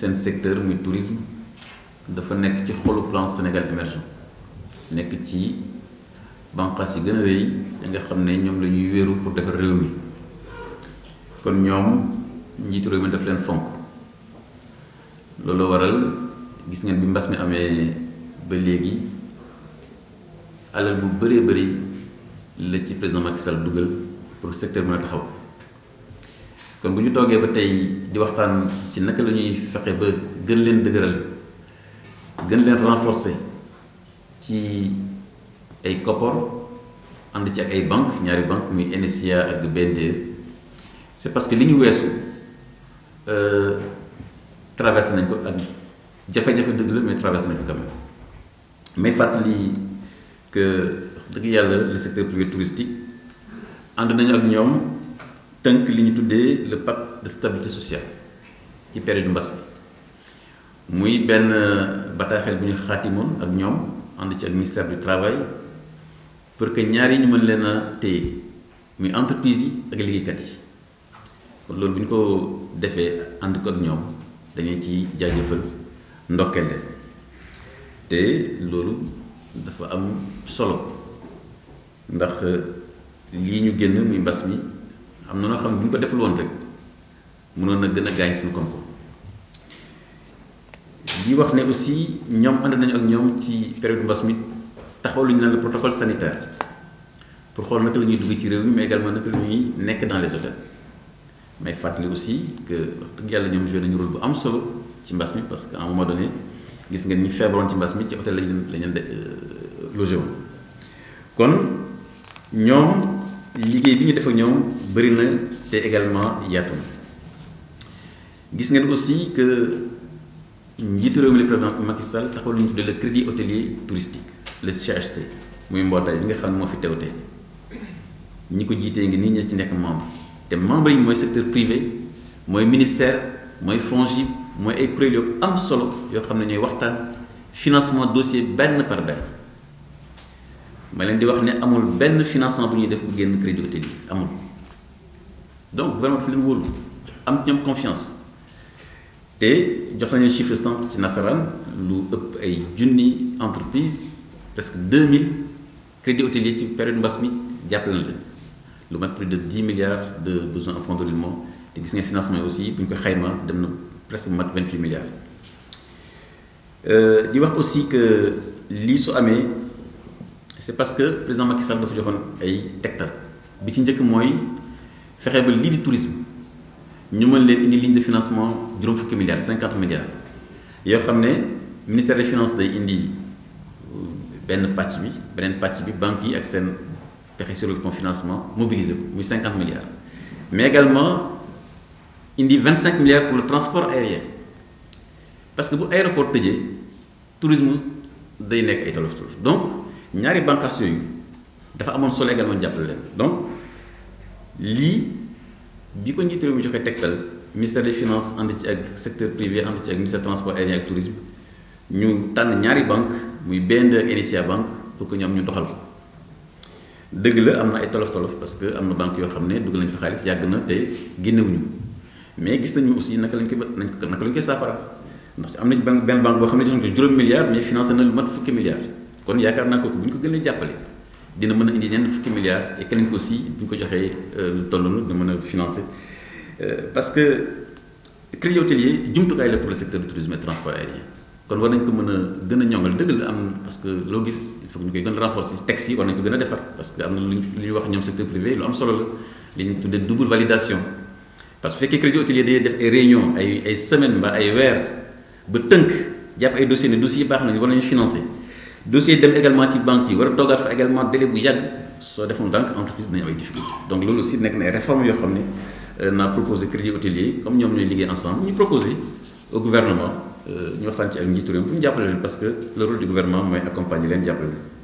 seen secteur muy tourisme dafa nekk ci xolu plan Sénégal émergent nekk ci banqaas yi gën a rëy ya nga xam ne ñoom la ñuy wéeru pour defar réew mi kon ñoom njiitu réew mi daf leen fonk loolu waral gis ngeen bi mbas mi amee ba léegi alal bu bëree bëri la ci président Macky Sall dugal pour secteur mën a taxaw kon bu ñu toogee ba tey di waxtaan ci naka la ñuy fexe ba gën leen dëgëral gën leen renforcer ci ay koppar ànd ci ak ay banque ñaari banque muy NSIA ak BND c'est parce que li ñu weesu euh, traversé nañ ko ak jafe-jafe dëgg la mais traversé nañ ko quand même mais fàttali que dëgg yàlla le secteur privé touristique ànd nañu ak ñoom Tant que ñu le pacte de stabilité sociale ci période mbas bi muy ben euh, bataxel bu ñu xaatimoon ak ñom and ci ak ministère du travail pour que ñaari ñu mën leen muy entreprise yi ak kat yi kon loolu buñ ko defee and ko ak ñom dañuy ci jaajëfal ndokkeel té te loolu dafa am solo ndax euh, lii ñu génn muy mbas mi am na noo xam ne bu ñu ko deful woon rek mënoon na gën a gaañ suñu koom-koom di wax ne aussi ñoom ànd nañu ak ñoom ci période mbas mi taxaw lu ñu naan le protocole sanitaire pour xool naka la ñuy dugg ci réew mi mais également naka la ñuy nekk dans les hôtels mais fàttali aussi que wax dëgg yàlla ñoom joué nañu rôle bu am solo ci mbas mi parce que à un moment donné gis nga ñu feebaroon ci mbas mi ci hôtel lañ leen lañ leen euh, logé woon kon ñoom liggéey bi ñu def ak bëri na te également yaatu na gis ngeen aussi que njiitu réew mi le président Macky Sall taxaw lu ñu tuddee le crédit hôtelier touristique le CHT muy mbootaay bi nga xam ne moo fi teew tey ñi ko jiitee ngi nii ñoo ci nekk membre te membre yi mooy secteur privé mooy ministère mooy FONGIP mooy ay kuréel yu am solo yoo xam ne ñooy waxtaan financement dossier benn par benn ma leen di wax ne amul benn financement bu ñuy def bu génn crédit hôtelier amul donc vraiment gouvernement a fait am ñam confiance té jox nañu chiffre sans, ci nasaran lu ëpp ay junni entreprise presque 2000 crédit hôtelier ci période mbas mi jàppale na lu mat plus de 10 milliards de besoins en fonds de roulement té gis nga financement aussi pour ko xayma dem presque 28 milliards euh, di wax aussi que li su amé c'est parce que le président Macky Sall dafa un ay tegtal bi ci ñëk moy fexe ba lii di tourisme ñu mën leen indi ligne de financement juróom fukki milliards 50 milliards yoo xam ministère des finances day indi euh, benn pàcc bi beneen pàcc bi banques yi ak seen pexe financement mobilisé ko muy 50 milliards mais également indi 25 milliards pour le transport aérien parce que bu aéroport tëjee tourisme day nekk ay tolof tolof donc ñaari bànqaas yooyu dafa amoon solo également jàppale leen donc li bi ko njiit réew mi joxe tegtal ministère des finances ànd ci ak secteur privé ànd ci ak ministère transport aérien ak tourisme ñu tànn ñaari banque muy BND ak initia banque pour que ñoom ñu doxal ko dëgg la am na ay tolof tolof parce que am na banque yoo xam ne dugg nañ fa xaalis yàgg na te génnewuñu mais gis nañu aussi naka lañ ko naka lañ koy saafara ndax am nañ banque benn banque boo xam ne jox ko juróom milliards mais financé na lu mat fukki milliards kon yaakaar naa ko bu ñu ko gën a jàppale dina mën a indi ñenn fukki milliards et keneen ko aussi bu ko joxee euh, lu toll noonu dina mën a financer euh, parce que crédit hôtelier jumtukaay la pour le secteur du tourisme et transport aérien kon war nañ ko mën a gën a ñongal dëgg la am parce que loo gis il faut que ñu koy gën a renforcer texte yi war nañ ko gën a defar parce que am na lu ñuy wax ñoom secteur privé lu am solo la li ñu tuddee double validation parce que bu fekkee crédit hôtelier day def ay réunion ay ay semaine mbaa ay weer ba tënk jàpp ay dossier ne dossier baax nañ war nañu financer dossier dem également ci banque yi war a fa également délai bu yag so defoon donc entreprise dañ ay difficulté donc lolu aussi nek na réforme yo yoo na euh, proposé crédit hôtelier comme ñom ñoy liggéey ensemble ñu proposé au gouvernement euh, ñu waxtan ci ak njiitu réew bu ñu jappalé parce que le rôle du gouvernement mooy accompagner len jappalé